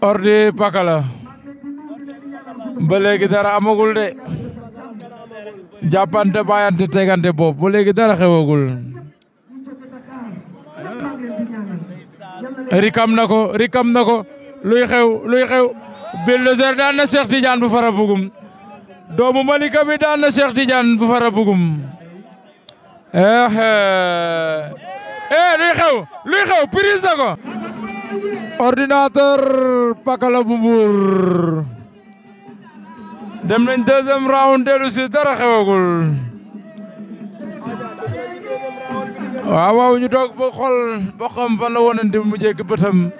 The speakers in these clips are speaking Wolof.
Ordi Pakala ba léegi dara amagul de jàppante bàyyante tegante bopp ba léegi dara xewagul rikam na ko rikam na ko luy xew luy xew Bulldozer daan na Cheikh Tidiane bu fara bugum doomu Malika bi daan na Cheikh Tidiane bu fara bugum eh, eh. eh luy xew luy xew prise na ko ordinateur pakala bu mbuur dem nañ deuxième round dellu si dara xewagul waaw waaw ñu toog ba xool ba xam fan la di mu jekk bëtam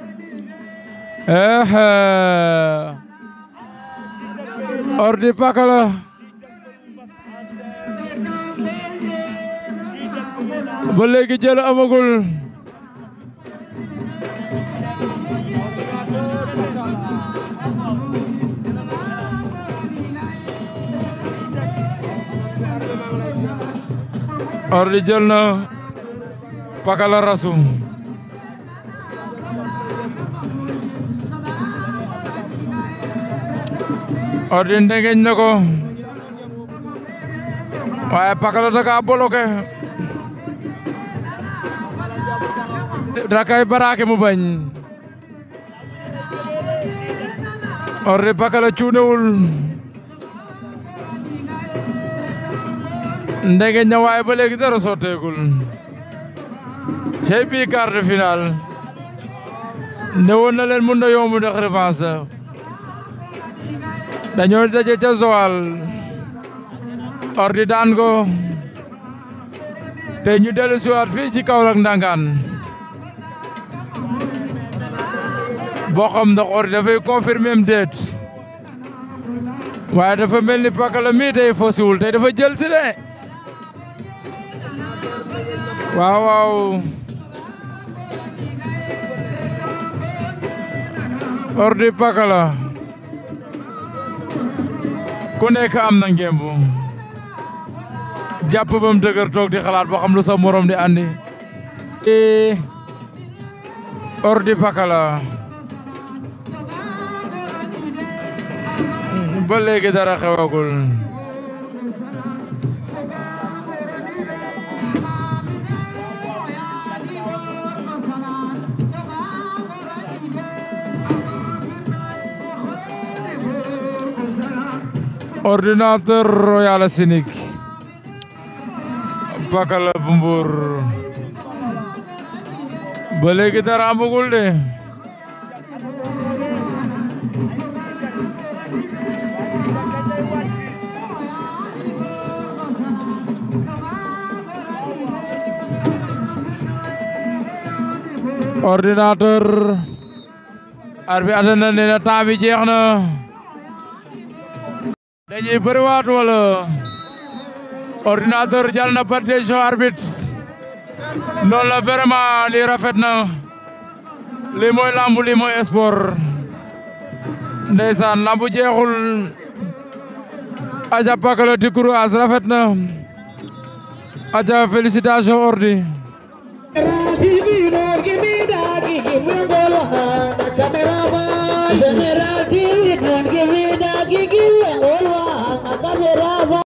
ordi pakala ba léegi jël amagul Ordi jël na Pakala rasu Ordi ndengeñ na ko waaye Pakala da ka bloqué da kay baraake mu bañ Ordi Pakala cuunewul ndege ñawaay ba léegi dara sotteegul cey bii quart de finale ne na leen mun na yomb ndax revanche dañoo daje ca Joal ordi daan ko te ñu dellu siwaat fii ci Kaolack ndangaan boo xam ndax ordi dafay confirmer déet waaye dafa mel ni pakala mii tey fosiwul tey dafa jël si waaw waaw Ordi Pakala ku nekk am na ngemb jàpp ba mu dëgër di xalaat ba xam lu sa moroom di andi Ordi Pakala ba léegi dara xewagul ordinateur royal a sinig pakala bu mbuur ba dara amagul de ordinateur arbi atana nee na temps bi jeex na dañuy bëriwaat wala ordinateur jàll na par décision arbitre la vraiment lii rafet na lii mooy lambu lii mooy sport ndeysaan lambu jeexul aja pakalo di courage rafet na aja félicitation ordi